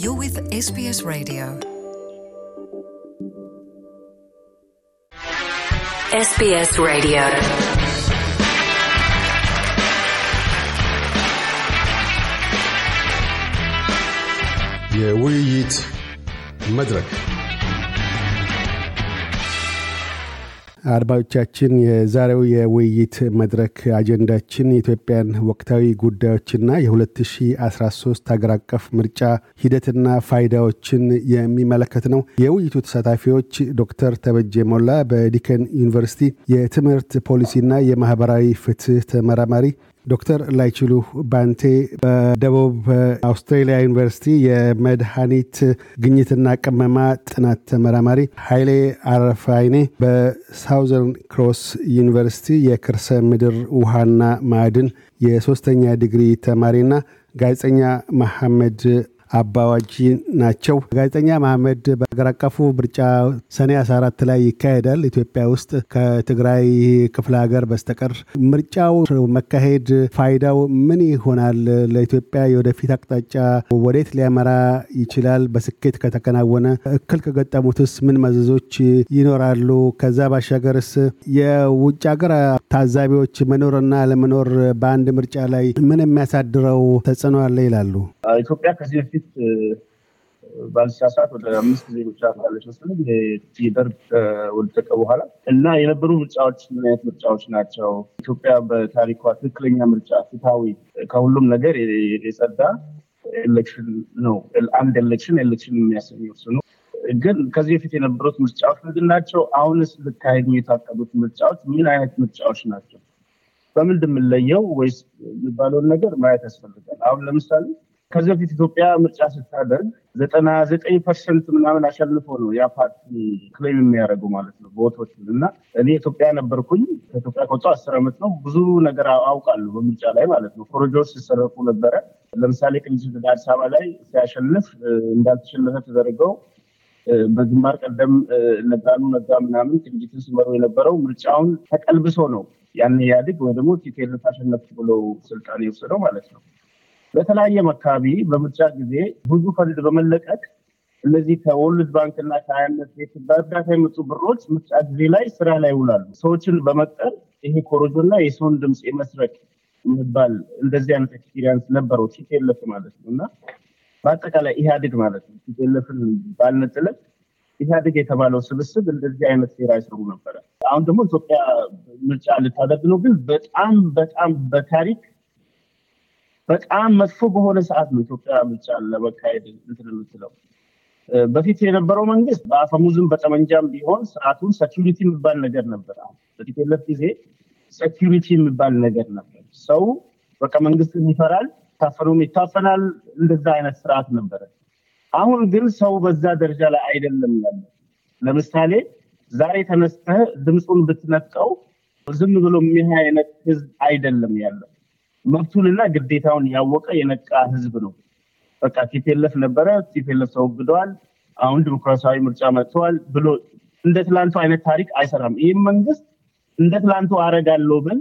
You're with SBS Radio. SBS Radio. Yeah, we eat madrak. አድማጮቻችን የዛሬው የውይይት መድረክ አጀንዳችን የኢትዮጵያን ወቅታዊ ጉዳዮችና የ2013 ሀገር አቀፍ ምርጫ ሂደትና ፋይዳዎችን የሚመለከት ነው። የውይይቱ ተሳታፊዎች ዶክተር ተበጀ ሞላ በዲከን ዩኒቨርሲቲ የትምህርት ፖሊሲና የማህበራዊ ፍትህ ተመራማሪ ዶክተር ላይችሉ ባንቴ በደቡብ አውስትሬሊያ ዩኒቨርሲቲ የመድኃኒት ግኝትና ቅመማ ጥናት ተመራማሪ፣ ኃይሌ አረፋይኔ በሳውዘርን ክሮስ ዩኒቨርሲቲ የክርሰ ምድር ውሃና ማዕድን የሶስተኛ ዲግሪ ተማሪና ጋዜጠኛ መሐመድ አባዋጅ ናቸው። ጋዜጠኛ መሐመድ በሀገር አቀፉ ምርጫ ሰኔ 14 ላይ ይካሄዳል ኢትዮጵያ ውስጥ ከትግራይ ክፍለ ሀገር በስተቀር ምርጫው መካሄድ ፋይዳው ምን ይሆናል? ለኢትዮጵያ የወደፊት አቅጣጫ ወዴት ሊያመራ ይችላል? በስኬት ከተከናወነ እክል ከገጠሙትስ ምን መዘዞች ይኖራሉ? ከዛ ባሻገርስ የውጭ ሀገር ታዛቢዎች መኖርና ለመኖር በአንድ ምርጫ ላይ ምን የሚያሳድረው ተጽዕኖ አለ ይላሉ? ኢትዮጵያ ከዚህ በፊት ባልሲያሳት ወደ አምስት ጊዜ ብቻ ታለች መስለኝ የደርግ ወደቀ በኋላ እና የነበሩ ምርጫዎች ምን አይነት ምርጫዎች ናቸው? ኢትዮጵያ በታሪኳ ትክክለኛ ምርጫ ፍትሐዊ፣ ከሁሉም ነገር የጸዳ ኤሌክሽን ነው። አንድ ኤሌክሽን ኤሌክሽን የሚያሰኘው እሱ ነው። ግን ከዚህ በፊት የነበሩት ምርጫዎች ምንድን ናቸው? አሁንስ ልካሄዱ የታቀዱት ምርጫዎች ምን አይነት ምርጫዎች ናቸው? በምን ወይስ የሚባለውን ነገር ማየት ያስፈልጋል። አሁን ለምሳሌ ከዚህ በፊት ኢትዮጵያ ምርጫ ስታደርግ ዘጠና ዘጠኝ ፐርሰንት ምናምን አሸንፎ ነው ያ ፓርቲ ክሌም የሚያደርገው ማለት ነው ቦቶች እና እኔ ኢትዮጵያ ነበርኩኝ። ከኢትዮጵያ ከወጡ አስር ዓመት ነው። ብዙ ነገር አውቃለሁ በምርጫ ላይ ማለት ነው። ኮረጆች ሲሰረቁ ነበረ። ለምሳሌ ቅንጅት አዲስ አበባ ላይ ሲያሸንፍ እንዳልተሸነፈ ተደርገው በግንባር ቀደም ነጋኑ ነጋ ምናምን ቅንጅትን ሲመሩ የነበረው ምርጫውን ተቀልብሶ ነው ያን ኢህአዴግ ወይ ደግሞ ቲቴል ታሸነፍ ብሎ ስልጣን የወሰደው ማለት ነው። በተለያየ አካባቢ በምርጫ ጊዜ ብዙ ፈንድ በመለቀቅ እነዚህ ከወርልድ ባንክና ከአይነት በእርዳታ የመጡ ብሮች ምርጫ ጊዜ ላይ ስራ ላይ ይውላሉ። ሰዎችን በመቅጠር ይሄ ኮሮጆና የሰውን ድምፅ የመስረቅ የሚባል እንደዚህ አይነት ኤክስፒሪንስ ነበረው ቲፒኤልኤፍ ማለት ነው እና በአጠቃላይ ኢህአዴግ ማለት ነው ቲፒኤልኤፍን ባልነጥለት ኢህአዴግ የተባለው ስብስብ እንደዚህ አይነት ሴራ ይሰሩ ነበረ። አሁን ደግሞ ኢትዮጵያ ምርጫ ልታደርግ ነው። ግን በጣም በጣም በታሪክ በጣም መጥፎ በሆነ ሰዓት ነው ኢትዮጵያ ምርጫ ለመካሄድ እንትን የምትለው። በፊት የነበረው መንግስት በአፈሙዝም በጠመንጃም ቢሆን ስርዓቱን ሰኪሪቲ የሚባል ነገር ነበር። አሁን የለት ጊዜ ሰኪሪቲ የሚባል ነገር ነበር። ሰው በቃ መንግስት ይፈራል፣ ታፈኑም ይታፈናል። እንደዛ አይነት ስርዓት ነበረ። አሁን ግን ሰው በዛ ደረጃ ላይ አይደለም ያለ። ለምሳሌ ዛሬ ተነስተህ ድምፁን ብትነጥቀው ዝም ብሎ የሚህ አይነት ህዝብ አይደለም ያለው። መብቱንና ግዴታውን ያወቀ የነቃ ህዝብ ነው። በቃ ቲፒኤልኤፍ ነበረ፣ ቲፒኤልኤፍ ተወግደዋል፣ አሁን ዲሞክራሲያዊ ምርጫ መጥተዋል ብሎ እንደ ትላንቱ አይነት ታሪክ አይሰራም። ይህም መንግስት እንደ ትላንቱ አረጋለሁ ብን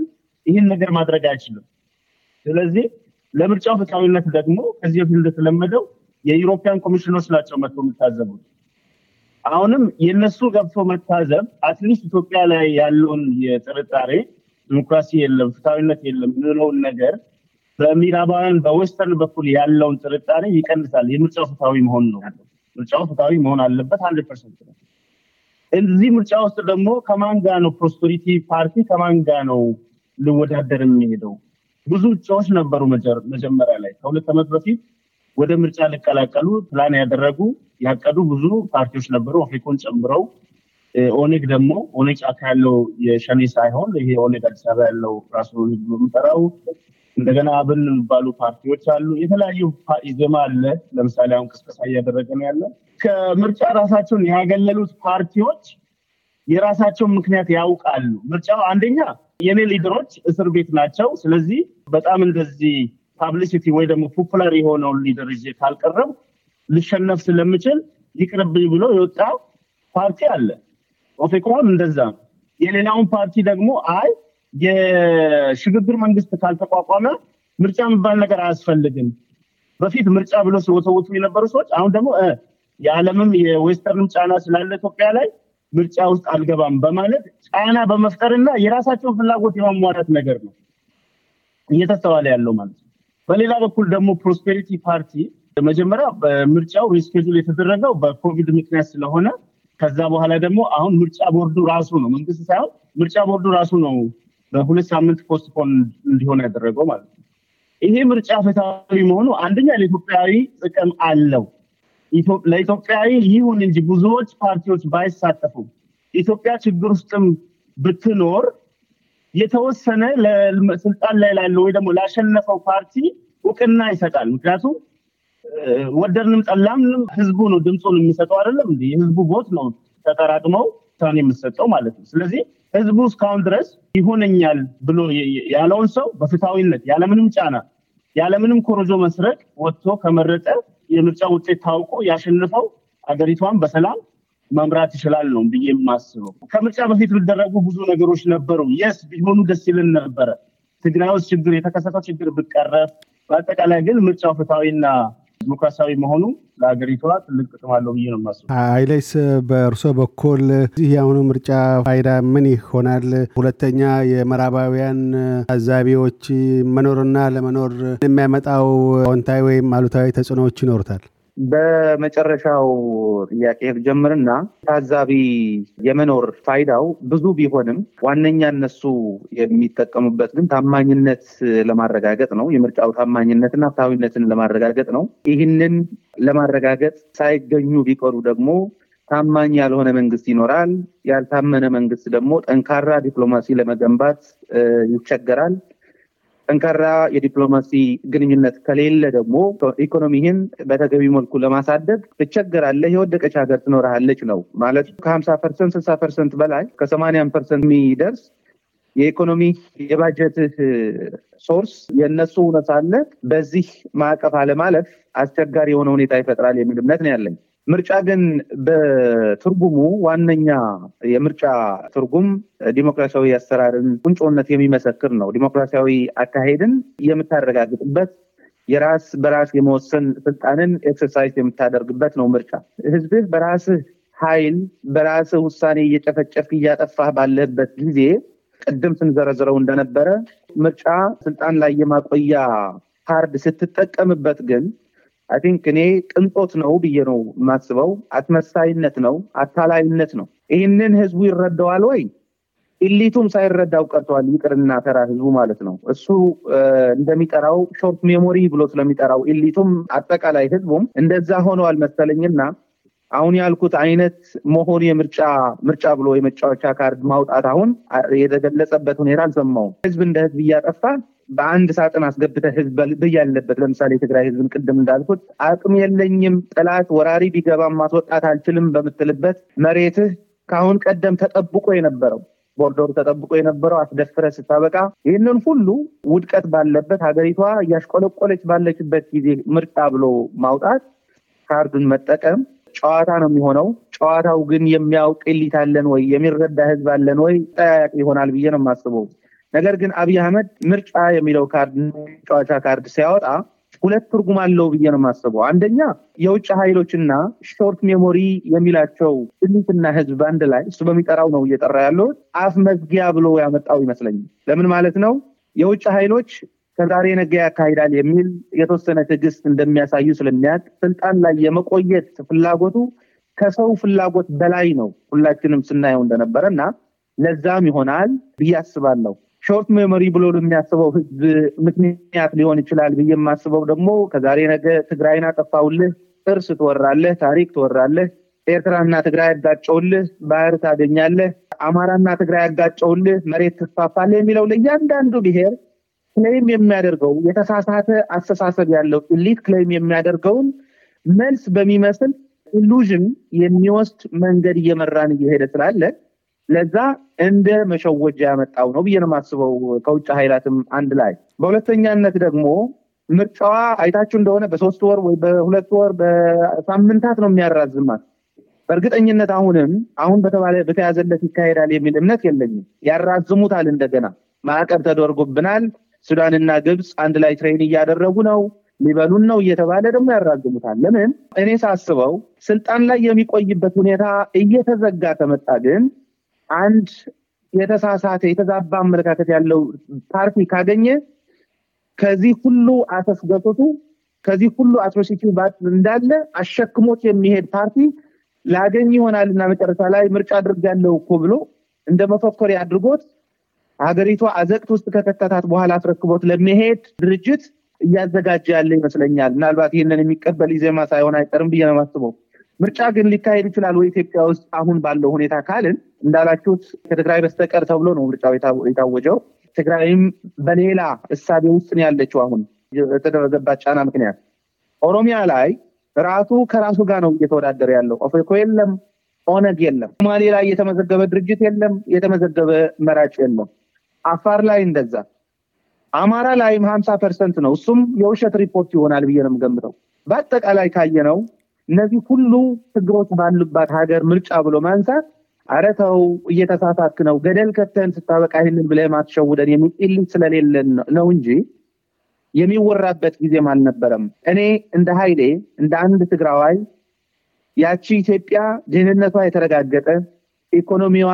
ይህን ነገር ማድረግ አይችልም። ስለዚህ ለምርጫው ፍትሐዊነት ደግሞ ከዚህ በፊት እንደተለመደው የዩሮፒያን ኮሚሽኖች ናቸው መጥቶ የምታዘቡት። አሁንም የነሱ ገብቶ መታዘብ አትሊስት ኢትዮጵያ ላይ ያለውን የጥርጣሬ ዲሞክራሲ የለም፣ ፍትሐዊነት የለም የምንለውን ነገር በምዕራባውያን በወስተርን በኩል ያለውን ጥርጣሬ ይቀንሳል። የምርጫው ፍትሐዊ መሆን ነው። ምርጫው ፍትሐዊ መሆን አለበት። አንድ ፐርሰንት ነው። እዚህ ምርጫ ውስጥ ደግሞ ከማን ነው ፕሮስፐሪቲ ፓርቲ ከማን ነው ልወዳደር የሚሄደው? ብዙ እጩዎች ነበሩ። መጀመሪያ ላይ ከሁለት ዓመት በፊት ወደ ምርጫ ሊቀላቀሉ ፕላን ያደረጉ ያቀዱ ብዙ ፓርቲዎች ነበሩ፣ አፍሪኮን ጨምረው ኦነግ ደግሞ ኦነግ ጫካ ያለው የሸኔ ሳይሆን ይሄ ኦነግ አዲስ አበባ ያለው ራሱ ህዝብ እንደገና አብን የሚባሉ ፓርቲዎች አሉ። የተለያዩ ኢዜማ አለ። ለምሳሌ አሁን ቅስቀሳ እያደረገ ነው ያለ። ከምርጫ ራሳቸውን ያገለሉት ፓርቲዎች የራሳቸውን ምክንያት ያውቃሉ። ምርጫው አንደኛ የኔ ሊደሮች እስር ቤት ናቸው። ስለዚህ በጣም እንደዚህ ፓብሊሲቲ ወይ ደግሞ ፖፑላር የሆነውን ሊደር ይዤ ካልቀረብ ልሸነፍ ስለምችል ይቅርብኝ ብሎ የወጣ ፓርቲ አለ። ኦፌኮም እንደዛ ነው። የሌላውን ፓርቲ ደግሞ አይ የሽግግር መንግስት ካልተቋቋመ ምርጫ የሚባል ነገር አያስፈልግም። በፊት ምርጫ ብሎ ሲወተውቱ የነበሩ ሰዎች አሁን ደግሞ የዓለምም የዌስተርንም ጫና ስላለ ኢትዮጵያ ላይ ምርጫ ውስጥ አልገባም በማለት ጫና በመፍጠርና የራሳቸውን ፍላጎት የማሟላት ነገር ነው እየተስተዋለ ያለው ማለት ነው። በሌላ በኩል ደግሞ ፕሮስፔሪቲ ፓርቲ መጀመሪያ ምርጫው ሪስኬጁል የተደረገው በኮቪድ ምክንያት ስለሆነ ከዛ በኋላ ደግሞ አሁን ምርጫ ቦርዱ ራሱ ነው መንግስት ሳይሆን ምርጫ ቦርዱ ራሱ ነው በሁለት ሳምንት ፖስትፖን እንዲሆን ያደረገው ማለት ነው። ይሄ ምርጫ ፈታዊ መሆኑ አንደኛ ለኢትዮጵያዊ ጥቅም አለው። ለኢትዮጵያዊ ይሁን እንጂ ብዙዎች ፓርቲዎች ባይሳተፉም ኢትዮጵያ ችግር ውስጥም ብትኖር የተወሰነ ስልጣን ላይ ላለው ወይ ደግሞ ላሸነፈው ፓርቲ እውቅና ይሰጣል። ምክንያቱም ወደድንም ጠላምንም ህዝቡ ነው ድምፁን የሚሰጠው አይደለም እንዲ የህዝቡ ቦት ነው ተጠራቅመው ውሳኔ የምሰጠው ማለት ነው ስለዚህ ህዝቡ እስካሁን ድረስ ይሆነኛል ብሎ ያለውን ሰው በፍትሐዊነት ያለምንም ጫና ያለምንም ኮረጆ መስረቅ ወጥቶ ከመረጠ የምርጫ ውጤት ታውቆ ያሸንፈው አገሪቷን በሰላም መምራት ይችላል ነው ብዬ የማስበው። ከምርጫ በፊት ቢደረጉ ብዙ ነገሮች ነበሩ። የስ ቢሆኑ ደስ ይልን ነበረ። ትግራይ ውስጥ ችግር የተከሰተው ችግር ብቀረፍ። በአጠቃላይ ግን ምርጫው ፍትሐዊና ዲሞክራሲያዊ መሆኑ ለሀገሪቷ ትልቅ ጥቅም አለው ብዬ ነው የማስበው። አይለይስ በእርሶ በኩል ይህ የአሁኑ ምርጫ ፋይዳ ምን ይሆናል? ሁለተኛ የምዕራባውያን ታዛቢዎች መኖርና ለመኖር የሚያመጣው አዎንታዊ ወይም አሉታዊ ተጽዕኖዎች ይኖሩታል? በመጨረሻው ጥያቄ ጀምርና ታዛቢ የመኖር ፋይዳው ብዙ ቢሆንም ዋነኛ እነሱ የሚጠቀሙበት ግን ታማኝነት ለማረጋገጥ ነው። የምርጫው ታማኝነትና ፍትሐዊነትን ለማረጋገጥ ነው። ይህንን ለማረጋገጥ ሳይገኙ ቢቀሩ ደግሞ ታማኝ ያልሆነ መንግስት ይኖራል። ያልታመነ መንግስት ደግሞ ጠንካራ ዲፕሎማሲ ለመገንባት ይቸገራል። ጠንካራ የዲፕሎማሲ ግንኙነት ከሌለ ደግሞ ኢኮኖሚህን በተገቢ መልኩ ለማሳደግ ትቸገራለህ፣ የወደቀች ሀገር ትኖርሃለች ነው ማለት ከሀምሳ ፐርሰንት ስልሳ ፐርሰንት በላይ ከሰማንያን ፐርሰንት የሚደርስ የኢኮኖሚ የባጀት ሶርስ የእነሱ እውነት አለ። በዚህ ማዕቀፍ አለማለፍ አስቸጋሪ የሆነ ሁኔታ ይፈጥራል የሚል እምነት ነው ያለኝ። ምርጫ ግን በትርጉሙ ዋነኛ የምርጫ ትርጉም ዲሞክራሲያዊ አሰራርን ቁንጮነት የሚመሰክር ነው። ዲሞክራሲያዊ አካሄድን የምታረጋግጥበት የራስ በራስ የመወሰን ስልጣንን ኤክሰርሳይዝ የምታደርግበት ነው ምርጫ። ህዝብህ በራስህ ኃይል በራስህ ውሳኔ እየጨፈጨፍ እያጠፋህ ባለህበት ጊዜ ቅድም ስንዘረዝረው እንደነበረ ምርጫ ስልጣን ላይ የማቆያ ካርድ ስትጠቀምበት ግን አይ ቲንክ እኔ ቅንጦት ነው ብዬ ነው የማስበው። አትመሳይነት ነው፣ አታላይነት ነው። ይህንን ህዝቡ ይረዳዋል ወይ? ኢሊቱም ሳይረዳው ቀርተዋል። ይቅርና ተራ ህዝቡ ማለት ነው። እሱ እንደሚጠራው ሾርት ሜሞሪ ብሎ ስለሚጠራው ኢሊቱም አጠቃላይ ህዝቡም እንደዛ ሆነዋል መሰለኝና አሁን ያልኩት አይነት መሆን የምርጫ ምርጫ ብሎ የመጫወቻ ካርድ ማውጣት አሁን የተገለጸበት ሁኔታ አልሰማውም። ህዝብ እንደ ህዝብ እያጠፋ በአንድ ሳጥን አስገብተ ህዝብ ያለበት ለምሳሌ የትግራይ ህዝብን ቅድም እንዳልኩት አቅም የለኝም፣ ጠላት ወራሪ ቢገባ ማስወጣት አልችልም በምትልበት መሬትህ ከአሁን ቀደም ተጠብቆ የነበረው ቦርደሩ ተጠብቆ የነበረው አስደፍረ ስታበቃ ይህንን ሁሉ ውድቀት ባለበት ሀገሪቷ እያሽቆለቆለች ባለችበት ጊዜ ምርጫ ብሎ ማውጣት ካርዱን መጠቀም ጨዋታ ነው የሚሆነው። ጨዋታው ግን የሚያውቅ ኢሊት አለን ወይ የሚረዳ ህዝብ አለን ወይ ጠያቂ ይሆናል ብዬ ነው የማስበው። ነገር ግን አብይ አህመድ ምርጫ የሚለው ካርድ ጨዋታ ካርድ ሲያወጣ ሁለት ትርጉም አለው ብዬ ነው የማስበው። አንደኛ የውጭ ኃይሎችና ሾርት ሜሞሪ የሚላቸው ድሊትና ህዝብ አንድ ላይ እሱ በሚጠራው ነው እየጠራ ያለው አፍ መዝጊያ ብሎ ያመጣው ይመስለኛል። ለምን ማለት ነው የውጭ ኃይሎች ከዛሬ ነገ ያካሂዳል የሚል የተወሰነ ትዕግስት እንደሚያሳዩ ስለሚያውቅ ስልጣን ላይ የመቆየት ፍላጎቱ ከሰው ፍላጎት በላይ ነው፣ ሁላችንም ስናየው እንደነበረ እና ለዛም ይሆናል ብዬ አስባለሁ። ሾርት ሜሞሪ ብሎ የሚያስበው ህዝብ ምክንያት ሊሆን ይችላል ብዬ የማስበው ደግሞ ከዛሬ ነገ ትግራይን አጠፋውልህ፣ ጥርስ ትወራለህ፣ ታሪክ ትወራለህ፣ ኤርትራና ትግራይ ያጋጨውልህ፣ ባህር ታገኛለህ፣ አማራና ትግራይ ያጋጨውልህ፣ መሬት ትስፋፋለህ የሚለው ለእያንዳንዱ ብሔር ክሌም የሚያደርገው የተሳሳተ አስተሳሰብ ያለው ኢሊት ክሌም የሚያደርገውን መልስ በሚመስል ኢሉዥን የሚወስድ መንገድ እየመራን እየሄደ ስላለን ለዛ እንደ መሸወጃ ያመጣው ነው ብዬ ነው የማስበው ከውጭ ኃይላትም አንድ ላይ በሁለተኛነት ደግሞ ምርጫዋ አይታችሁ እንደሆነ በሶስት ወር ወይ በሁለት ወር በሳምንታት ነው የሚያራዝማት በእርግጠኝነት አሁንም አሁን በተባለ በተያዘለት ይካሄዳል የሚል እምነት የለኝም ያራዝሙታል እንደገና ማዕቀብ ተደርጎብናል ሱዳንና ግብፅ አንድ ላይ ትሬን እያደረጉ ነው ሊበሉን ነው እየተባለ ደግሞ ያራዝሙታል ለምን እኔ ሳስበው ስልጣን ላይ የሚቆይበት ሁኔታ እየተዘጋ ከመጣ ግን አንድ የተሳሳተ የተዛባ አመለካከት ያለው ፓርቲ ካገኘ ከዚህ ሁሉ አተስገቶቱ ከዚህ ሁሉ አትሮሲቲ እንዳለ አሸክሞት የሚሄድ ፓርቲ ላገኝ ይሆናል እና መጨረሻ ላይ ምርጫ ያለው እኮ ብሎ እንደ መፈኮሪ አድርጎት ሀገሪቷ አዘቅት ውስጥ ከከተታት በኋላ አስረክቦት ለመሄድ ድርጅት እያዘጋጀ ያለ ይመስለኛል። ምናልባት ይህንን የሚቀበል ኢዜማ ሳይሆን አይቀርም ብዬ ነው የማስበው። ምርጫ ግን ሊካሄድ ይችላል ወይ ኢትዮጵያ ውስጥ አሁን ባለው ሁኔታ ካልን እንዳላችሁት ከትግራይ በስተቀር ተብሎ ነው ምርጫው የታወጀው። ትግራይም በሌላ እሳቤ ውስጥ ያለችው አሁን የተደረገባት ጫና ምክንያት። ኦሮሚያ ላይ ራሱ ከራሱ ጋር ነው እየተወዳደረ ያለው። ኦፌኮ የለም፣ ኦነግ የለም፣ ሶማሌ ላይ የተመዘገበ ድርጅት የለም፣ የተመዘገበ መራጭ የለም። አፋር ላይ እንደዛ፣ አማራ ላይም ሀምሳ ፐርሰንት ነው። እሱም የውሸት ሪፖርት ይሆናል ብዬ ነው ገምተው በአጠቃላይ ካየነው እነዚህ ሁሉ ችግሮች ባሉባት ሀገር ምርጫ ብሎ ማንሳት አረተው እየተሳሳትክ ነው፣ ገደል ከተን ስታበቃ ይህንን ብለ ማትሸውደን የሚል ስለሌለን ነው እንጂ የሚወራበት ጊዜም አልነበረም። እኔ እንደ ኃይሌ እንደ አንድ ትግራዋይ ያቺ ኢትዮጵያ ደህንነቷ የተረጋገጠ ኢኮኖሚዋ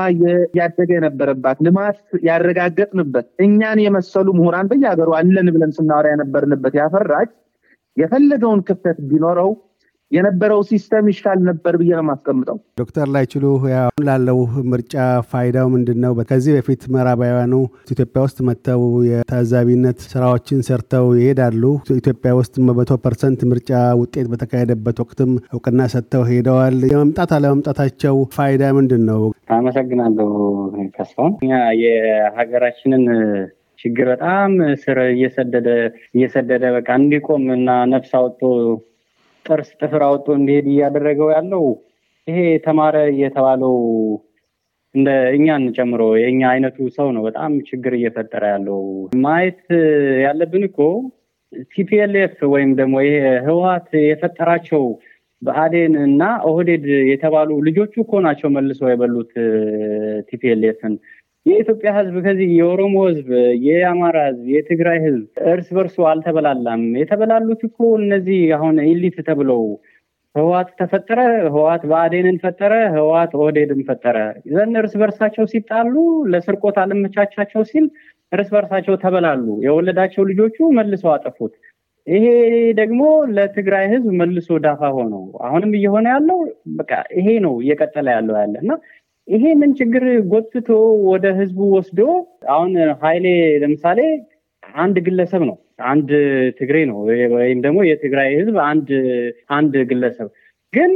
ያደገ የነበረባት ልማት ያረጋገጥንበት እኛን የመሰሉ ምሁራን በየሀገሩ አለን ብለን ስናወራ የነበርንበት ያፈራች የፈለገውን ክፍተት ቢኖረው የነበረው ሲስተም ይሻል ነበር ብዬ ነው የማስቀምጠው። ዶክተር ላይችሉ ያው ላለው ምርጫ ፋይዳው ምንድን ነው? ከዚህ በፊት ምዕራባውያኑ ኢትዮጵያ ውስጥ መጥተው የታዛቢነት ስራዎችን ሰርተው ይሄዳሉ። ኢትዮጵያ ውስጥ በመቶ ፐርሰንት ምርጫ ውጤት በተካሄደበት ወቅትም እውቅና ሰጥተው ሄደዋል። የመምጣት አለመምጣታቸው ፋይዳ ምንድን ነው? አመሰግናለሁ ተስፋም እኛ የሀገራችንን ችግር በጣም ስር እየሰደደ እየሰደደ በቃ እንዲቆም እና ነፍስ አውጡ ጥርስ ጥፍር አውጥቶ እንዲሄድ እያደረገው ያለው ይሄ ተማረ የተባለው እንደ እኛን ጨምሮ የእኛ አይነቱ ሰው ነው በጣም ችግር እየፈጠረ ያለው። ማየት ያለብን እኮ ሲፒኤልኤፍ ወይም ደግሞ ይሄ ህወሀት የፈጠራቸው በአዴን እና ኦህዴድ የተባሉ ልጆቹ እኮ ናቸው መልሶ የበሉት ቲፒኤልኤፍን። የኢትዮጵያ ህዝብ ከዚህ የኦሮሞ ህዝብ የአማራ ህዝብ የትግራይ ህዝብ እርስ በርሱ አልተበላላም። የተበላሉት እኮ እነዚህ አሁን ኢሊት ተብለው ህወሓት ተፈጠረ፣ ህወሓት ብአዴንን ፈጠረ፣ ህወሓት ኦህዴድን ፈጠረ። ዘን እርስ በርሳቸው ሲጣሉ ለስርቆት አለመቻቻቸው ሲል እርስ በርሳቸው ተበላሉ። የወለዳቸው ልጆቹ መልሰው አጠፉት። ይሄ ደግሞ ለትግራይ ህዝብ መልሶ ዳፋ ሆነው አሁንም እየሆነ ያለው በቃ ይሄ ነው እየቀጠለ ያለው ያለ እና ይሄ ምን ችግር ጎትቶ ወደ ህዝቡ ወስዶ አሁን ሀይሌ ለምሳሌ አንድ ግለሰብ ነው አንድ ትግሬ ነው ወይም ደግሞ የትግራይ ህዝብ አንድ አንድ ግለሰብ ግን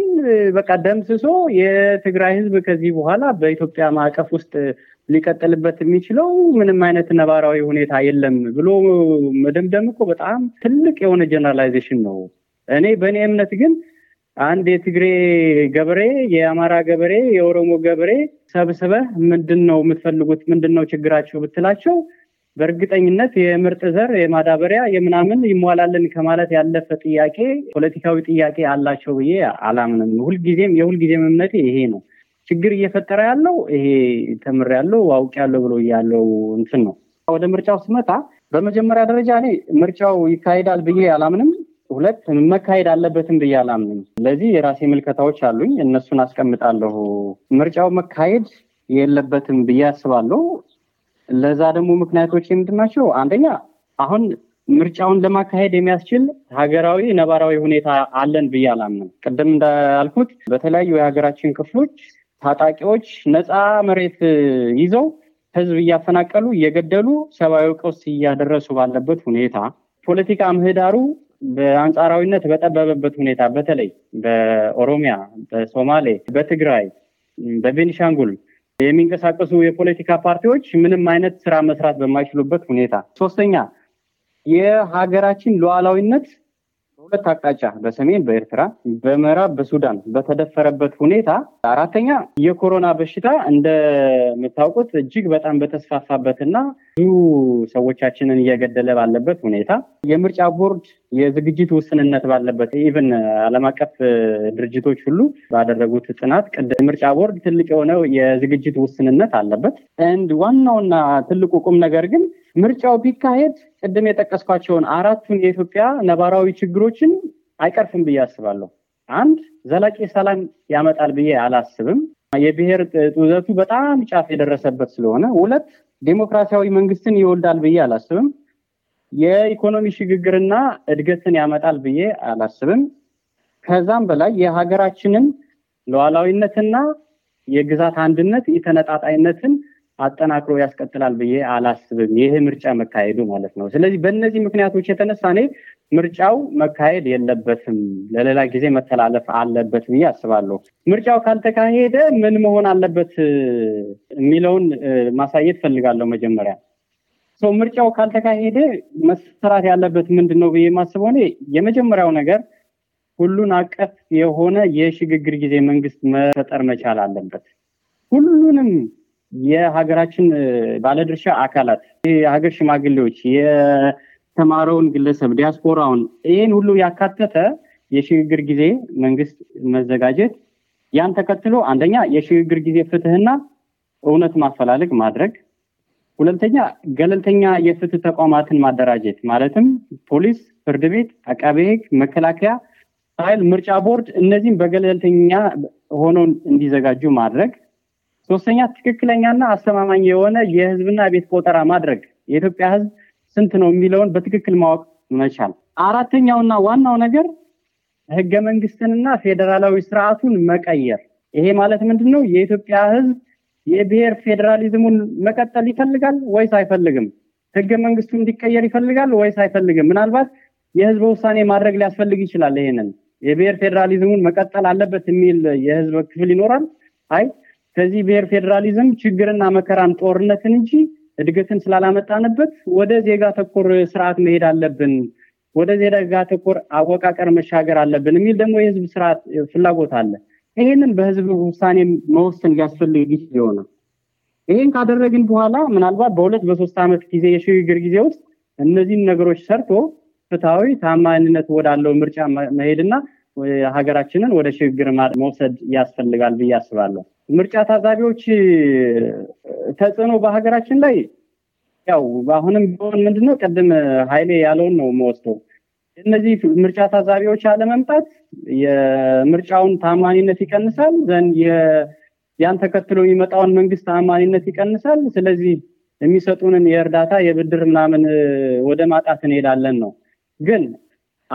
በቃ ደምስሶ የትግራይ ህዝብ ከዚህ በኋላ በኢትዮጵያ ማዕቀፍ ውስጥ ሊቀጥልበት የሚችለው ምንም አይነት ነባራዊ ሁኔታ የለም ብሎ መደምደም እኮ በጣም ትልቅ የሆነ ጀነራላይዜሽን ነው። እኔ በእኔ እምነት ግን አንድ የትግሬ ገበሬ፣ የአማራ ገበሬ፣ የኦሮሞ ገበሬ ሰብስበህ ምንድን ነው የምትፈልጉት? ምንድን ነው ችግራችሁ ብትላቸው በእርግጠኝነት የምርጥ ዘር የማዳበሪያ የምናምን ይሟላልን ከማለት ያለፈ ጥያቄ ፖለቲካዊ ጥያቄ አላቸው ብዬ አላምንም። ሁልጊዜም የሁልጊዜም እምነቴ ይሄ ነው። ችግር እየፈጠረ ያለው ይሄ ተምር ያለው አውቅ ያለው ብሎ ያለው እንትን ነው። ወደ ምርጫው ስመጣ በመጀመሪያ ደረጃ እኔ ምርጫው ይካሄዳል ብዬ አላምንም። ሁለት መካሄድ አለበትም ብዬ አላምንም። ስለዚህ የራሴ ምልከታዎች አሉኝ፣ እነሱን አስቀምጣለሁ። ምርጫው መካሄድ የለበትም ብዬ አስባለሁ። ለዛ ደግሞ ምክንያቶች ምንድን ናቸው? አንደኛ አሁን ምርጫውን ለማካሄድ የሚያስችል ሀገራዊ ነባራዊ ሁኔታ አለን ብዬ አላምንም። ቅድም እንዳልኩት በተለያዩ የሀገራችን ክፍሎች ታጣቂዎች ነፃ መሬት ይዘው ህዝብ እያፈናቀሉ እየገደሉ ሰብአዊ ቀውስ እያደረሱ ባለበት ሁኔታ ፖለቲካ ምህዳሩ በአንጻራዊነት በጠበበበት ሁኔታ በተለይ በኦሮሚያ፣ በሶማሌ፣ በትግራይ፣ በቤኒሻንጉል የሚንቀሳቀሱ የፖለቲካ ፓርቲዎች ምንም አይነት ስራ መስራት በማይችሉበት ሁኔታ፣ ሶስተኛ የሀገራችን ሉዓላዊነት በሁለት አቅጣጫ በሰሜን በኤርትራ በምዕራብ በሱዳን በተደፈረበት ሁኔታ፣ አራተኛ የኮሮና በሽታ እንደምታውቁት እጅግ በጣም በተስፋፋበትና ብዙ ሰዎቻችንን እየገደለ ባለበት ሁኔታ የምርጫ ቦርድ የዝግጅት ውስንነት ባለበት ኢቨን ዓለም አቀፍ ድርጅቶች ሁሉ ባደረጉት ጥናት ቅድም ምርጫ ቦርድ ትልቅ የሆነው የዝግጅት ውስንነት አለበት። እንድ ዋናውና ትልቁ ቁም ነገር ግን ምርጫው ቢካሄድ ቅድም የጠቀስኳቸውን አራቱን የኢትዮጵያ ነባራዊ ችግሮችን አይቀርፍም ብዬ አስባለሁ። አንድ ዘላቂ ሰላም ያመጣል ብዬ አላስብም። የብሔር ጡዘቱ በጣም ጫፍ የደረሰበት ስለሆነ። ሁለት ዴሞክራሲያዊ መንግስትን ይወልዳል ብዬ አላስብም። የኢኮኖሚ ሽግግርና እድገትን ያመጣል ብዬ አላስብም። ከዛም በላይ የሀገራችንን ሉዓላዊነትና የግዛት አንድነት የተነጣጣይነትን አጠናክሮ ያስቀጥላል ብዬ አላስብም። ይህ ምርጫ መካሄዱ ማለት ነው። ስለዚህ በእነዚህ ምክንያቶች የተነሳ እኔ ምርጫው መካሄድ የለበትም፣ ለሌላ ጊዜ መተላለፍ አለበት ብዬ አስባለሁ። ምርጫው ካልተካሄደ ምን መሆን አለበት የሚለውን ማሳየት ፈልጋለሁ መጀመሪያ ሰው ምርጫው ካልተካሄደ መሰራት ያለበት ምንድን ነው ብዬ ማስበው እኔ የመጀመሪያው ነገር ሁሉን አቀፍ የሆነ የሽግግር ጊዜ መንግስት መፈጠር መቻል አለበት። ሁሉንም የሀገራችን ባለድርሻ አካላት፣ የሀገር ሽማግሌዎች፣ የተማረውን ግለሰብ፣ ዲያስፖራውን ይህን ሁሉ ያካተተ የሽግግር ጊዜ መንግስት መዘጋጀት ያን ተከትሎ አንደኛ የሽግግር ጊዜ ፍትህና እውነት ማፈላለግ ማድረግ ሁለተኛ ገለልተኛ የፍትህ ተቋማትን ማደራጀት ማለትም ፖሊስ፣ ፍርድ ቤት፣ አቃቤ ህግ፣ መከላከያ ኃይል፣ ምርጫ ቦርድ እነዚህም በገለልተኛ ሆነው እንዲዘጋጁ ማድረግ። ሶስተኛ ትክክለኛና አስተማማኝ የሆነ የህዝብና ቤት ቆጠራ ማድረግ የኢትዮጵያ ህዝብ ስንት ነው የሚለውን በትክክል ማወቅ መቻል። አራተኛውና ዋናው ነገር ህገ መንግስትንና ፌዴራላዊ ስርዓቱን መቀየር። ይሄ ማለት ምንድን ነው? የኢትዮጵያ ህዝብ የብሔር ፌዴራሊዝሙን መቀጠል ይፈልጋል ወይስ አይፈልግም? ህገ መንግስቱ እንዲቀየር ይፈልጋል ወይስ አይፈልግም? ምናልባት የህዝበ ውሳኔ ማድረግ ሊያስፈልግ ይችላል። ይሄንን የብሔር ፌዴራሊዝሙን መቀጠል አለበት የሚል የህዝብ ክፍል ይኖራል። አይ ከዚህ ብሔር ፌዴራሊዝም ችግርና መከራን፣ ጦርነትን እንጂ እድገትን ስላላመጣንበት ወደ ዜጋ ተኮር ስርዓት መሄድ አለብን፣ ወደ ዜጋ ተኮር አወቃቀር መሻገር አለብን የሚል ደግሞ የህዝብ ስርዓት ፍላጎት አለ። ይህንን በህዝብ ውሳኔ መወሰን ያስፈልግ ይችል ይህን ካደረግን በኋላ ምናልባት በሁለት በሶስት ዓመት ጊዜ የሽግግር ጊዜ ውስጥ እነዚህን ነገሮች ሰርቶ ፍትሐዊ ታማኝነት ወዳለው ምርጫ መሄድና ሀገራችንን ወደ ሽግግር መውሰድ ያስፈልጋል ብዬ አስባለሁ። ምርጫ ታዛቢዎች ተጽዕኖ በሀገራችን ላይ ያው አሁንም ቢሆን ምንድነው ቅድም ሀይሌ ያለውን ነው መወስደው እነዚህ ምርጫ ታዛቢዎች አለመምጣት የምርጫውን ታማኒነት ይቀንሳል፣ ዘን ያን ተከትሎ የሚመጣውን መንግስት ታማኒነት ይቀንሳል። ስለዚህ የሚሰጡንን የእርዳታ የብድር ምናምን ወደ ማጣት እንሄዳለን ነው ግን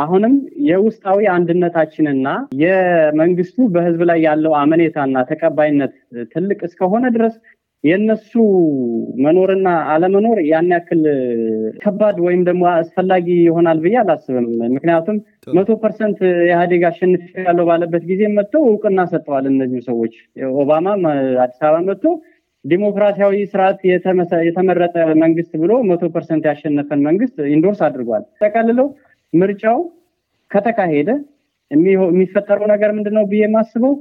አሁንም የውስጣዊ አንድነታችንና የመንግስቱ በህዝብ ላይ ያለው አመኔታና ተቀባይነት ትልቅ እስከሆነ ድረስ የእነሱ መኖርና አለመኖር ያን ያክል ከባድ ወይም ደግሞ አስፈላጊ ይሆናል ብዬ አላስብም። ምክንያቱም መቶ ፐርሰንት ኢህአዴግ አሸንፍ ያለው ባለበት ጊዜ መጥተው እውቅና ሰጥተዋል። እነዚህ ሰዎች ኦባማ አዲስ አበባ መጥቶ ዲሞክራሲያዊ ስርዓት የተመረጠ መንግስት ብሎ መቶ ፐርሰንት ያሸነፈን መንግስት ኢንዶርስ አድርጓል። ጠቀልለው ምርጫው ከተካሄደ የሚፈጠረው ነገር ምንድነው ብዬ የማስበው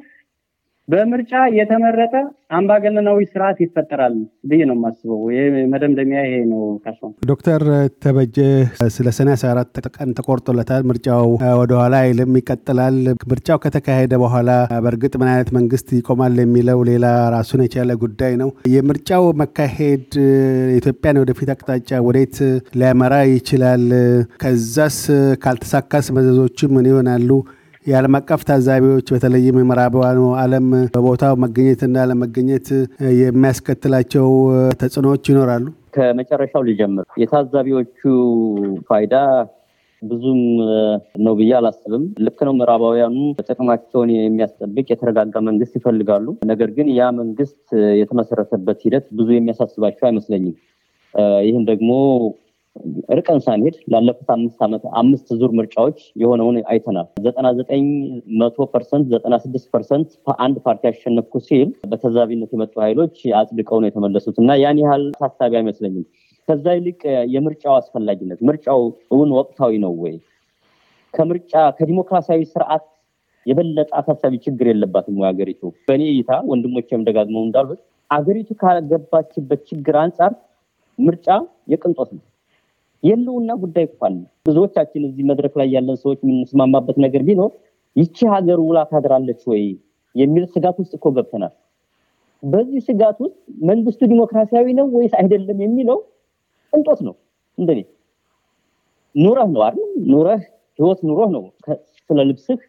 በምርጫ የተመረጠ አምባገነናዊ ስርዓት ይፈጠራል ብዬ ነው የማስበው። መደምደሚያ ይሄ ነው። ካሶ ዶክተር ተበጀ ስለ ሰኔ 14 ቀን ተቆርጦለታል። ምርጫው ወደኋላ አይልም፣ ይቀጥላል። ምርጫው ከተካሄደ በኋላ በእርግጥ ምን አይነት መንግስት ይቆማል የሚለው ሌላ ራሱን የቻለ ጉዳይ ነው። የምርጫው መካሄድ ኢትዮጵያን ወደፊት አቅጣጫ ወዴት ሊያመራ ይችላል? ከዛስ ካልተሳካስ መዘዞቹ ምን ይሆናሉ? የዓለም አቀፍ ታዛቢዎች በተለይም የምዕራባውያኑ ዓለም በቦታው መገኘትና ለመገኘት የሚያስከትላቸው ተጽዕኖዎች ይኖራሉ። ከመጨረሻው ሊጀምር የታዛቢዎቹ ፋይዳ ብዙም ነው ብዬ አላስብም። ልክ ነው። ምዕራባውያኑ ጥቅማቸውን የሚያስጠብቅ የተረጋጋ መንግስት ይፈልጋሉ። ነገር ግን ያ መንግስት የተመሰረተበት ሂደት ብዙ የሚያሳስባቸው አይመስለኝም። ይህም ደግሞ እርቀን ሳንሄድ ላለፉት አምስት ዓመት አምስት ዙር ምርጫዎች የሆነውን አይተናል። ዘጠና ዘጠኝ መቶ ፐርሰንት ዘጠና ስድስት ፐርሰንት አንድ ፓርቲ ያሸነፍኩ ሲል በተዛቢነት የመጡ ኃይሎች አጽድቀው ነው የተመለሱት እና ያን ያህል ታሳቢ አይመስለኝም። ከዛ ይልቅ የምርጫው አስፈላጊነት ምርጫው እውን ወቅታዊ ነው ወይ ከምርጫ ከዲሞክራሲያዊ ስርዓት የበለጠ አሳሳቢ ችግር የለባትም ወይ ሀገሪቱ? በእኔ እይታ ወንድሞቼም ደጋግመው እንዳሉት አገሪቱ ካገባችበት ችግር አንጻር ምርጫ የቅንጦት ነው። የህልውና ጉዳይ እኮ አለ። ብዙዎቻችን እዚህ መድረክ ላይ ያለን ሰዎች የምንስማማበት ነገር ቢኖር ይቺ ሀገር ውላ ታድራለች ወይ የሚል ስጋት ውስጥ እኮ ገብተናል። በዚህ ስጋት ውስጥ መንግስቱ ዲሞክራሲያዊ ነው ወይስ አይደለም የሚለው ቅንጦት ነው። እንደኔ ኑረህ ነው አይደል? ኑረህ ህይወት ኑሮህ ነው ስለ ልብስህ፣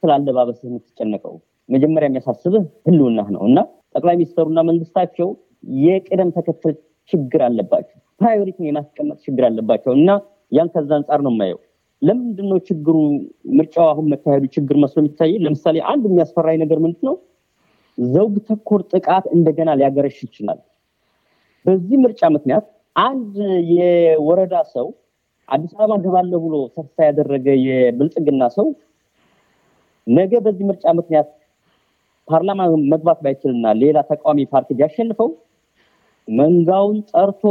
ስለ አለባበስህ የምትጨነቀው። መጀመሪያ የሚያሳስብህ ህልውናህ ነው እና ጠቅላይ ሚኒስትሩና መንግስታቸው የቅደም ተከተል ችግር አለባቸው። ፕራዮሪቲን የማስቀመጥ ችግር አለባቸው እና ያን ከዛ አንጻር ነው የማየው። ለምንድን ነው ችግሩ ምርጫው አሁን መካሄዱ ችግር መስሎ የሚታየ? ለምሳሌ አንድ የሚያስፈራኝ ነገር ምንድ ነው ዘውግ ተኮር ጥቃት እንደገና ሊያገረሽ ይችላል። በዚህ ምርጫ ምክንያት አንድ የወረዳ ሰው አዲስ አበባ ገባለ ብሎ ተስፋ ያደረገ የብልጽግና ሰው ነገ በዚህ ምርጫ ምክንያት ፓርላማ መግባት ባይችልና ሌላ ተቃዋሚ ፓርቲ ቢያሸንፈው መንጋውን ጠርቶ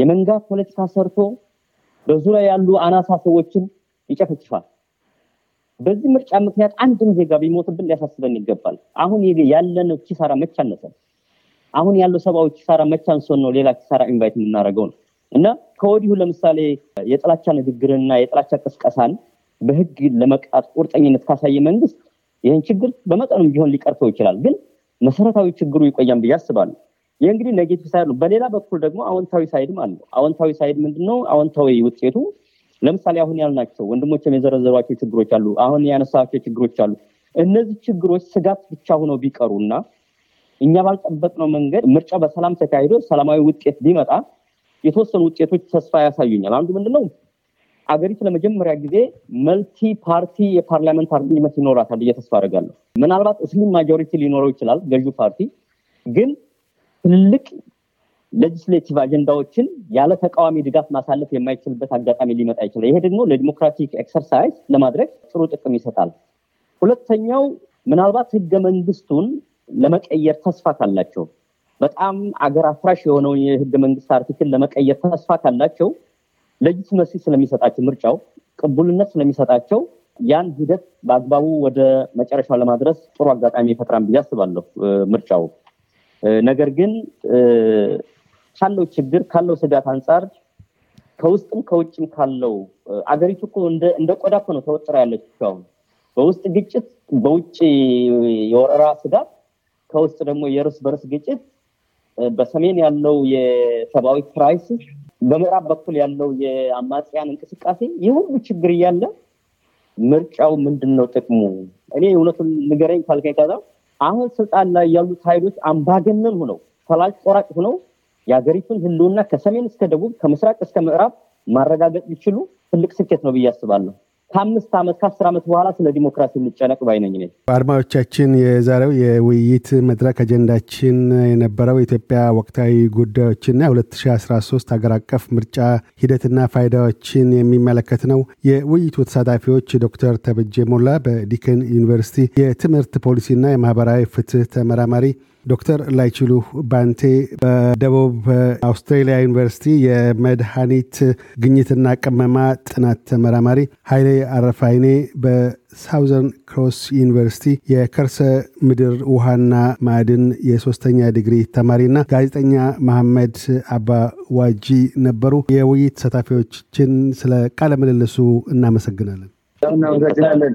የመንጋ ፖለቲካ ሰርቶ በዙሪያ ያሉ አናሳ ሰዎችን ይጨፈጭፋል። በዚህ ምርጫ ምክንያት አንድም ዜጋ ቢሞትብን ሊያሳስበን ይገባል። አሁን ያለነው ኪሳራ መቼ አነሰ? አሁን ያለው ሰብአዊ ኪሳራ መቼ አንሶን ነው ሌላ ኪሳራ ኢንቫይት የምናደርገው ነው እና ከወዲሁ ለምሳሌ የጥላቻ ንግግርንና የጥላቻ ቅስቀሳን በህግ ለመቅጣት ቁርጠኝነት ካሳየ መንግስት ይህን ችግር በመጠኑም ቢሆን ሊቀርፈው ይችላል። ግን መሰረታዊ ችግሩ ይቆያም ብዬ አስባለሁ። ይህ እንግዲህ ኔጌቲቭ ሳይድ ነው። በሌላ በኩል ደግሞ አዎንታዊ ሳይድም አለ። አዎንታዊ ሳይድ ምንድነው? አዎንታዊ ውጤቱ ለምሳሌ አሁን ያልናቸው ወንድሞች የዘረዘሯቸው ችግሮች አሉ፣ አሁን ያነሳቸው ችግሮች አሉ። እነዚህ ችግሮች ስጋት ብቻ ሆነው እና እኛ ባልጠበቅነው መንገድ ምርጫ በሰላም ተካሂዶ ሰላማዊ ውጤት ቢመጣ የተወሰኑ ውጤቶች ተስፋ ያሳዩኛል። አንዱ ምንድነው? አገሪቱ ለመጀመሪያ ጊዜ መልቲ ፓርቲ የፓርላመንት አርግኝመት ይኖራታል እየተስፋ አደርጋለሁ። ምናልባት እስሊም ማጆሪቲ ሊኖረው ይችላል ገዢው ፓርቲ ግን ትልልቅ ሌጅስሌቲቭ አጀንዳዎችን ያለ ተቃዋሚ ድጋፍ ማሳለፍ የማይችልበት አጋጣሚ ሊመጣ ይችላል። ይሄ ደግሞ ለዲሞክራቲክ ኤክሰርሳይዝ ለማድረግ ጥሩ ጥቅም ይሰጣል። ሁለተኛው ምናልባት ህገ መንግስቱን ለመቀየር ተስፋ ካላቸው በጣም አገር አፍራሽ የሆነውን የህገ መንግስት አርቲክል ለመቀየር ተስፋ ካላቸው ሌጂትመሲ ስለሚሰጣቸው ምርጫው ቅቡልነት ስለሚሰጣቸው ያን ሂደት በአግባቡ ወደ መጨረሻው ለማድረስ ጥሩ አጋጣሚ ይፈጥራል ብዬ አስባለሁ ምርጫው። ነገር ግን ካለው ችግር ካለው ስጋት አንጻር ከውስጥም ከውጭም ካለው አገሪቱ እኮ እንደ ቆዳ እኮ ነው ተወጥራ ያለች አሁን በውስጥ ግጭት፣ በውጭ የወረራ ስጋት፣ ከውስጥ ደግሞ የርስ በርስ ግጭት፣ በሰሜን ያለው የሰብአዊ ክራይስ በምዕራብ በኩል ያለው የአማጽያን እንቅስቃሴ፣ የሁሉ ችግር እያለ ምርጫው ምንድን ነው ጥቅሙ? እኔ እውነቱን ንገረኝ ካልከኝ ከዛ አሁን ስልጣን ላይ ያሉት ኃይሎች አምባገነን ሆነው ፈላጭ ቆራጭ ሆነው የሀገሪቱን ህልውና ከሰሜን እስከ ደቡብ ከምስራቅ እስከ ምዕራብ ማረጋገጥ ቢችሉ ትልቅ ስኬት ነው ብዬ አስባለሁ። ከአምስት ዓመት ከአስር ዓመት በኋላ ስለ ዲሞክራሲ እንጨነቅ ባይነኝ ነ አድማጮቻችን፣ የዛሬው የውይይት መድረክ አጀንዳችን የነበረው የኢትዮጵያ ወቅታዊ ጉዳዮችና 2013 ሀገር አቀፍ ምርጫ ሂደትና ፋይዳዎችን የሚመለከት ነው። የውይይቱ ተሳታፊዎች ዶክተር ተበጀ ሞላ በዲከን ዩኒቨርሲቲ የትምህርት ፖሊሲና የማህበራዊ ፍትህ ተመራማሪ ዶክተር ላይችሉ ባንቴ በደቡብ አውስትሬሊያ ዩኒቨርሲቲ የመድኃኒት ግኝትና ቅመማ ጥናት ተመራማሪ፣ ኃይሌ አረፋይኔ በሳውዘርን ክሮስ ዩኒቨርሲቲ የከርሰ ምድር ውሃና ማዕድን የሶስተኛ ዲግሪ ተማሪና ጋዜጠኛ መሐመድ አባዋጂ ነበሩ። የውይይት ተሳታፊዎችን ስለ ቃለ ምልልሱ እናመሰግናለን። እናመሰግናለን።